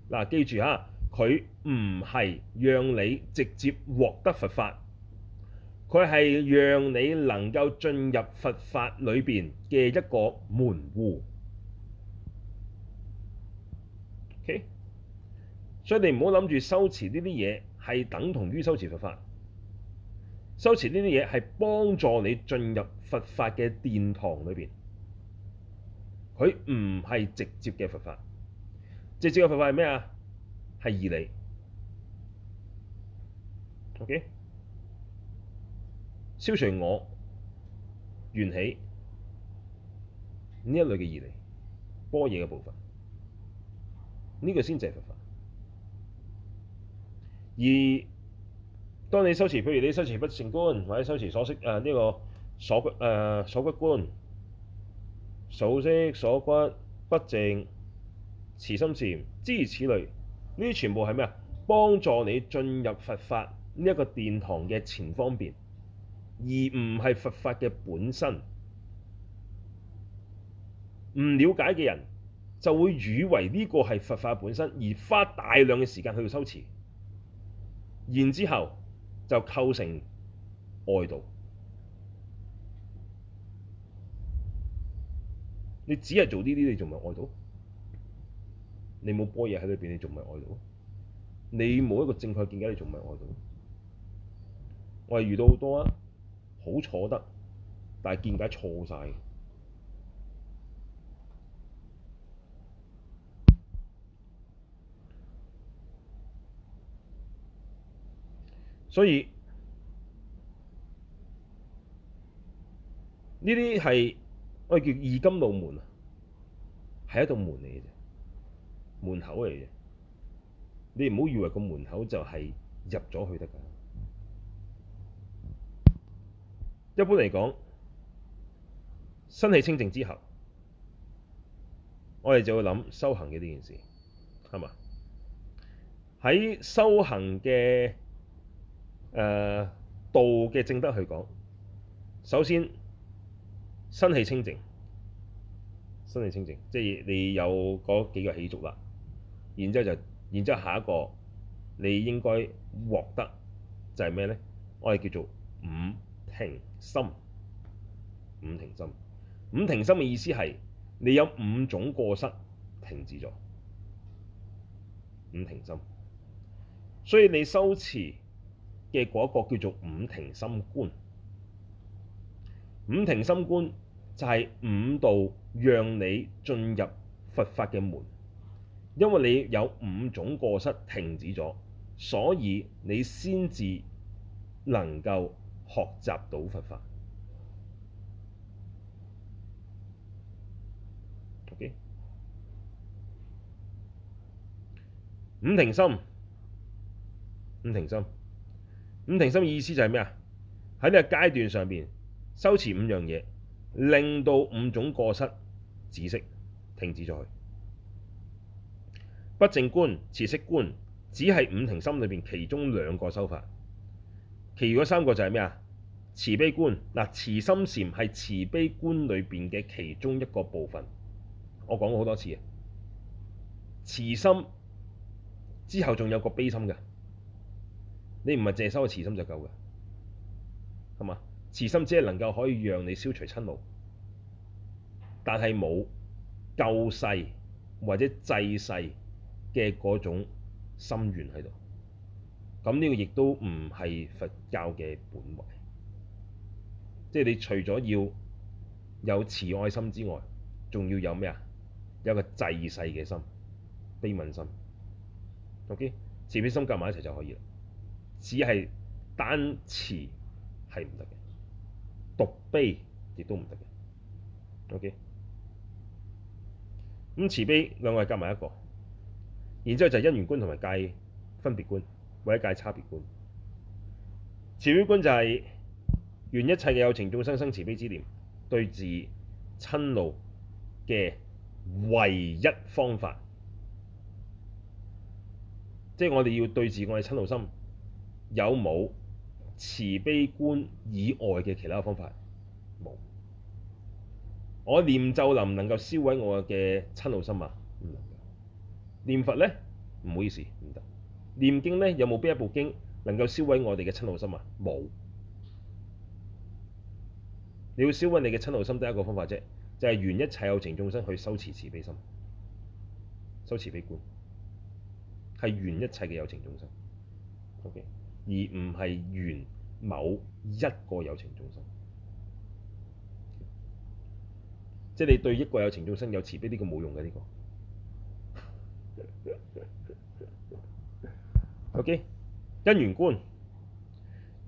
嗱、呃，記住嚇，佢唔係讓你直接獲得佛法。佢係讓你能夠進入佛法裏邊嘅一個門戶，OK，所以你唔好諗住修持呢啲嘢係等同於修持佛法，修持呢啲嘢係幫助你進入佛法嘅殿堂裏邊，佢唔係直接嘅佛法，直接嘅佛法係咩啊？係義理，OK。消除我緣起呢一類嘅義理般若嘅部分，呢、這個先至係佛法。而當你修持，譬如你修持不淨觀，或者修持數息誒呢個所骨、呃、所骨觀、數息所骨不淨、慈心禪，諸如此類，呢啲全部係咩啊？幫助你進入佛法呢一、這個殿堂嘅前方便。而唔係佛法嘅本身，唔了解嘅人就會以為呢個係佛法本身，而花大量嘅時間去修持，然之後就構成外道。你只係做呢啲，你仲唔係外道？你冇波嘢喺裏邊，你仲唔係外道？你冇一個正確見解，你仲唔係外道？我係遇到好多啊！好坐得，但係見解錯晒。所以呢啲係我哋叫二甘露門啊，係一道門嚟嘅，門口嚟嘅。你唔好以為個門口就係入咗去得㗎。一般嚟講，身器清淨之後，我哋就會諗修行嘅呢件事，係嘛？喺修行嘅誒、呃、道嘅正德去講，首先身器清淨，身器清淨，即係你有嗰幾個氣足啦。然之後就，然之後下一個，你應該獲得就係咩咧？我哋叫做五停心，五停心，五停心嘅意思係你有五種過失停止咗，五停心，所以你修持嘅嗰個叫做五停心觀，五停心觀就係五道讓你進入佛法嘅門，因為你有五種過失停止咗，所以你先至能夠。學習到佛法。Okay? 五停心，五停心，五停心意思就係咩啊？喺呢個階段上邊修持五樣嘢，令到五種過失止息，停止咗去。不淨觀、持息觀，只係五停心裏邊其中兩個修法，其餘嗰三個就係咩啊？慈悲觀嗱，慈心禪係慈悲觀裏邊嘅其中一個部分。我講過好多次，慈心之後仲有個悲心嘅，你唔係淨係收個慈心就夠嘅，係嘛？慈心只係能夠可以讓你消除瞋怒，但係冇救世或者濟世嘅嗰種心願喺度。咁呢個亦都唔係佛教嘅本位。即係你除咗要有慈愛心之外，仲要有咩啊？有個濟世嘅心、悲憫心，OK？慈悲心夾埋一齊就可以啦。只係單慈係唔得嘅，獨悲亦都唔得嘅，OK？咁慈悲兩位係夾埋一個，然之後就係因緣觀同埋界分別觀，或者界差別觀。慈悲觀就係、是。願一切嘅有情眾生生慈悲之念，對治瞋恚嘅唯一方法，即係我哋要對治我嘅瞋恚心，有冇慈悲觀以外嘅其他方法？冇。我念咒能唔能夠燒毀我嘅瞋恚心啊？唔能夠。念佛呢？唔好意思，唔得。唸經呢？有冇邊一部經能夠燒毀我哋嘅瞋恚心啊？冇。要消穩你嘅嗔怒心，得一個方法啫，就係緣一切有情眾生去修持慈悲心、修持慈悲觀，係緣一切嘅有情眾生。O K，而唔係緣某一個有情眾生，即係你對一個有情眾生有慈悲呢個冇用嘅呢個。O K，因緣觀，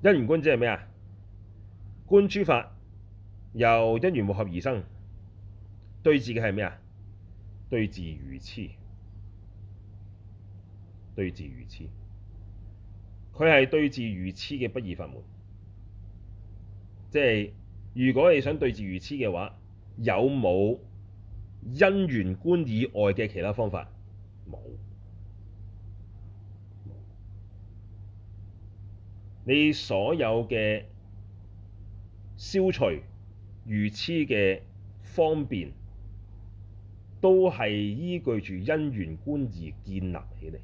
因緣觀即係咩啊？觀諸法。由因緣和合而生，對治嘅係咩啊？對治愚痴，對治愚痴，佢係對治愚痴嘅不二法門。即係如果你想對治愚痴嘅話，有冇因緣觀以外嘅其他方法？冇，你所有嘅消除愚痴嘅方便都係依據住因緣觀而建立起嚟。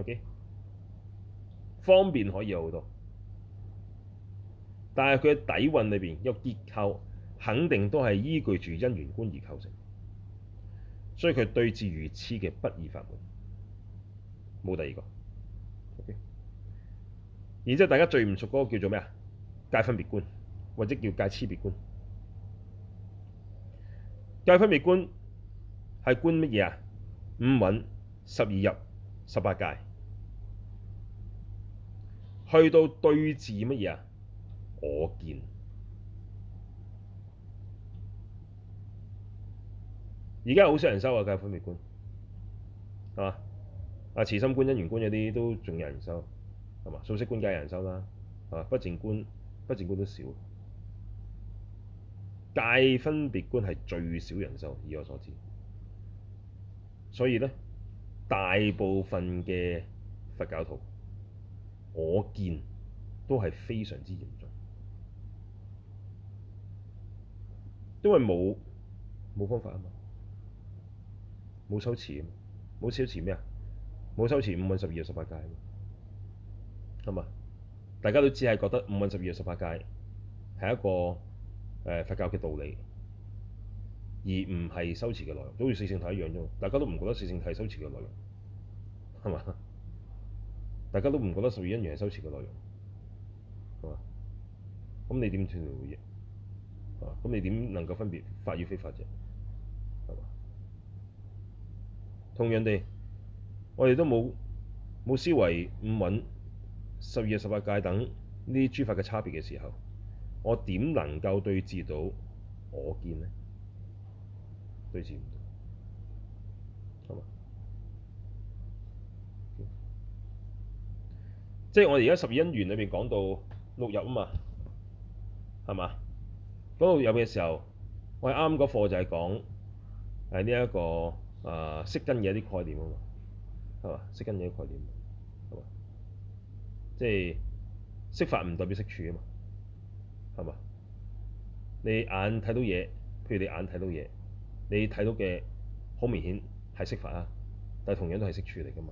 OK，方便可以有好多，但係佢嘅底蘊裏邊有結構，肯定都係依據住因緣觀而構成。所以佢對治愚痴嘅不二法門，冇第二個。Okay? 然之後大家最唔熟嗰個叫做咩啊？界分別觀，或者叫界差別觀。界分別觀係觀乜嘢啊？五蘊、十二入、十八界，去到對治乜嘢啊？我見。而家好少人修啊！界分別觀，係嘛？啊，慈心觀、因緣觀嗰啲都仲有人修，係嘛？數息觀梗有人修啦，啊，係嘛？不淨觀。不淨觀都少，界分別觀係最少人修，以我所知。所以咧，大部分嘅佛教徒，我見都係非常之嚴重，因為冇冇方法啊嘛，冇修持，冇修持咩啊？冇修持五蘊十二處十八界啊嘛，係咪？大家都只係覺得五蘊十二月十八界係一個誒、呃、佛教嘅道理，而唔係修持嘅內容，好似四聖諦一樣啫。大家都唔覺得四聖諦係修持嘅內容係嘛？大家都唔覺得十二因緣係修持嘅內容係嘛？咁你點脫脫回應啊？咁你點能夠分別法與非法啫？係嘛？同樣地，我哋都冇冇思維五蘊，十二與十八界等呢啲諸法嘅差別嘅時候，我點能夠對治到我見呢？對治唔到，係、嗯、嘛？即係我哋而家十二因緣裏面講到六入啊嘛，係嘛？嗰六入嘅時候，我係啱嗰課就係講係呢一個誒識、啊、根嘢啲概念啊嘛，係嘛？識根嘢啲概念。即係識法唔代表識處啊嘛，係嘛？你眼睇到嘢，譬如你眼睇到嘢，你睇到嘅好明顯係識法啊，但係同樣都係識處嚟噶嘛。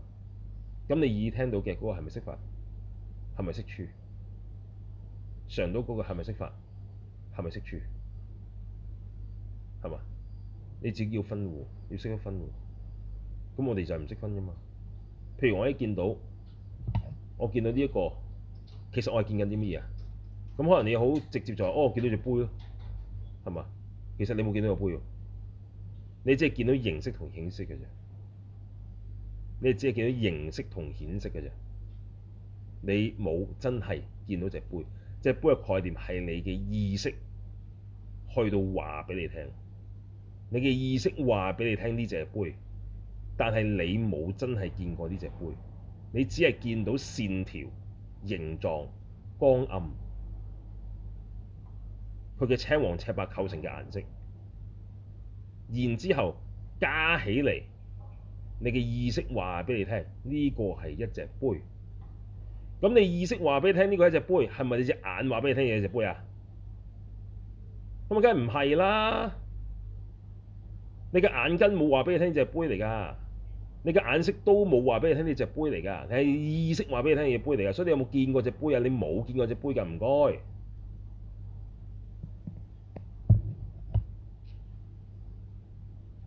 咁你耳聽到嘅嗰個係咪識法？係咪識處？嘗到嗰個係咪識法？係咪識處？係嘛？你自己要分戶，要識得分戶。咁我哋就係唔識分㗎嘛。譬如我一見到。我見到呢一個，其實我係見緊啲乜嘢啊？咁可能你好直接就話，哦，我見到隻杯咯，係嘛？其實你冇見到個杯喎，你只係見到形式同顯色嘅啫，你只係見到形式同顯色嘅啫，你冇真係見到隻杯。隻杯嘅概念係你嘅意識去到話俾你聽，你嘅意識話俾你聽，呢隻杯，但係你冇真係見過呢隻杯。你只係見到線條、形狀、光暗，佢嘅青黃赤白構成嘅顏色，然之後加起嚟，你嘅意識話俾你聽，呢個係一隻杯。咁你意識話俾你聽，呢個係一隻杯，係咪你隻眼話俾你聽呢隻杯啊？咁啊，梗係唔係啦？你嘅眼根冇話俾你聽，呢隻杯嚟㗎。你個眼色都冇話俾你聽，呢隻杯嚟噶，你係意識話俾你聽，隻杯嚟噶，所以你有冇見過隻杯啊？你冇見過隻杯㗎，唔該。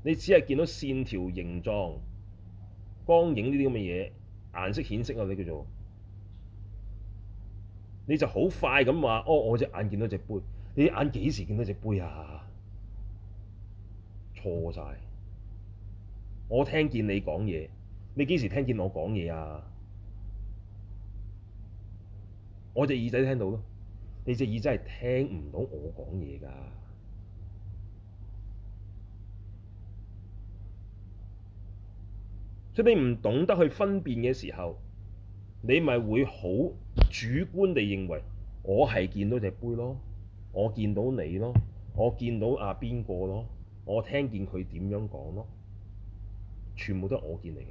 你只係見到線條、形狀、光影呢啲咁嘅嘢，顏色、顯色啊，你叫做，你就好快咁話，「哦，我隻眼見到隻杯，你隻眼幾時見到隻杯啊？錯晒。」我聽見你講嘢，你幾時聽見我講嘢啊？我隻耳仔聽到咯，你隻耳仔係聽唔到我講嘢㗎。所以你唔懂得去分辨嘅時候，你咪會好主觀地認為我係見到隻杯咯，我見到你咯，我見到阿邊個咯，我聽見佢點樣講咯。全部都係我見嚟嘅，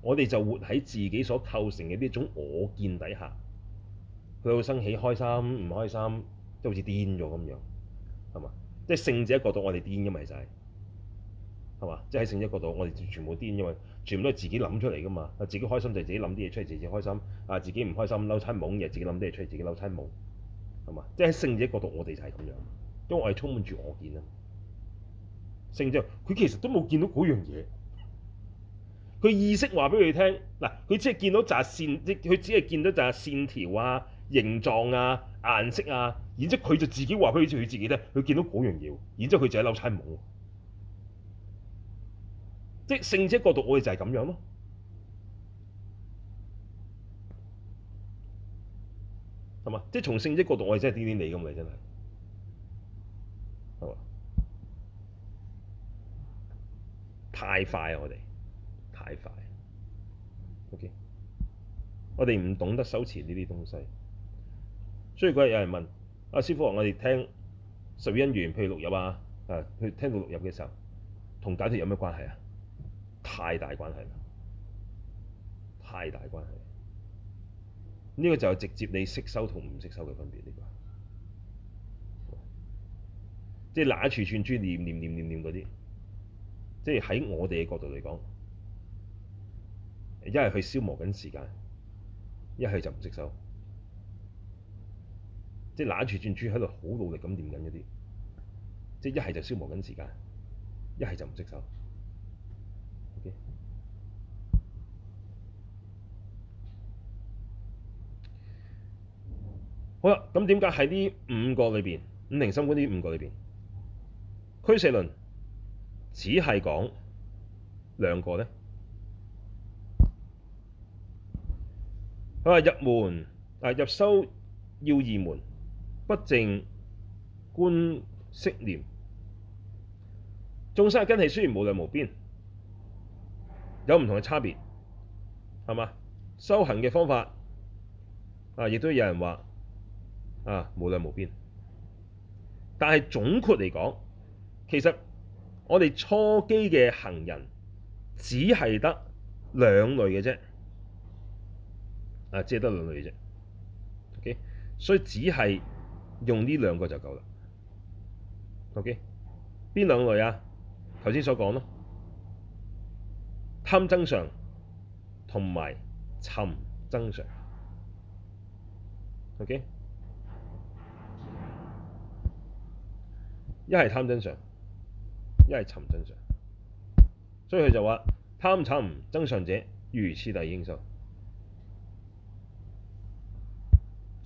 我哋就活喺自己所構成嘅呢種我見底下，佢有升起開心、唔開心，即好似癲咗咁樣，係嘛？即係聖者角度，我哋癲㗎咪就係，係嘛？即係喺聖者角度，我哋全部癲，因為全部都係自己諗出嚟㗎嘛。自己開心就自己諗啲嘢出嚟，自己開心；啊，自己唔開心，嬲親懵嘢，自己諗啲嘢出嚟，自己嬲親懵。係嘛？即係喺聖者角度，我哋就係咁樣，因為我係充滿住我見啊。性質，佢其實都冇見到嗰樣嘢。佢意識話俾佢聽，嗱，佢只係見到紮線，佢只係見到紮線條啊、形狀啊、顏色啊。然之後佢就自己話俾佢佢自己聽，佢見到嗰樣嘢。然之後佢就喺扭差冇。即係性質角度，我哋就係咁樣咯。係嘛？即係從性質角度，我哋真係點點你咁嘅真係。太快啊！我哋太快，OK。我哋唔懂得收錢呢啲東西，所以嗰日有人問：阿、啊、師傅，我哋聽十語音源，譬如錄入啊，誒、啊、去聽到錄入嘅時候，同解脱有咩關係啊？太大關係啦，太大關係。呢、這個就係直接你識收同唔識收嘅分別，呢、這個串串。即係拿一串珠念念念念唸嗰啲。即係喺我哋嘅角度嚟講，一係去消磨緊時間，一係就唔識手，即係攋住串珠喺度好努力咁念緊一啲，即係一係就消磨緊時間，一係就唔識手。Okay? 好啦，咁點解喺呢五個裏邊，五停心觀呢五個裏邊，俱舍論，只係講兩個呢，佢話入門啊，入修要二門，不淨觀息念。眾生嘅根器雖然無量無邊，有唔同嘅差別，係嘛？修行嘅方法啊，亦都有人話啊無量無邊，但係總括嚟講，其實。我哋初機嘅行人只係得兩類嘅啫，啊，只係得兩類啫。O.K.，所以只係用呢兩個就夠啦。O.K.，邊兩類啊？頭先所講咯，貪增上同埋尋增上。O.K.，一係貪增上。一係尋增上，所以佢就話：貪尋增上者，如次第應修。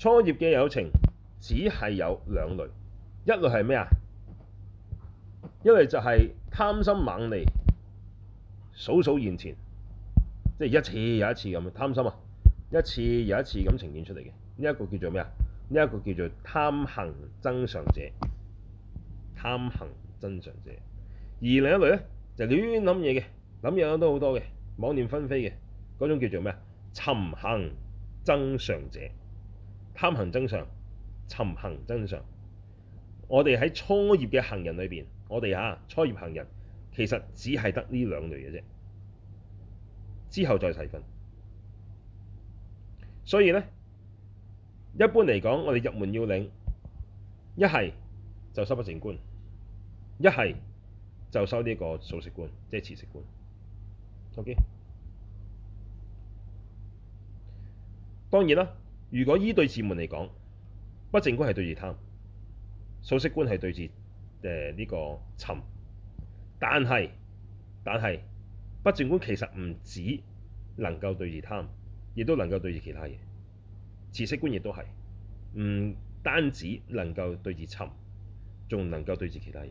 初業嘅有情，只係有兩類，一類係咩啊？一類就係貪心猛利，數數現前，即係一次又一次咁貪心啊！一次又一次咁呈現出嚟嘅，呢、這、一個叫做咩啊？呢、這、一個叫做貪行增上者，貪行增上者。而另一類咧就亂諗嘢嘅，諗嘢都好多嘅，妄念紛飛嘅嗰種叫做咩啊？尋行增上者，貪行增上，尋行增上。我哋喺初業嘅行人裏邊，我哋啊初業行人其實只係得呢兩類嘅啫。之後再細分，所以咧一般嚟講，我哋入門要領一係就修不淨觀，一係。就收呢個數息觀，即係持息觀。OK。當然啦，如果依對治門嚟講，不淨觀係對治貪，數息觀係對治誒呢個尋。但係但係，不淨觀其實唔止能夠對治貪，亦都能夠對治其他嘢。持息觀亦都係唔單止能夠對治尋，仲能夠對治其他嘢。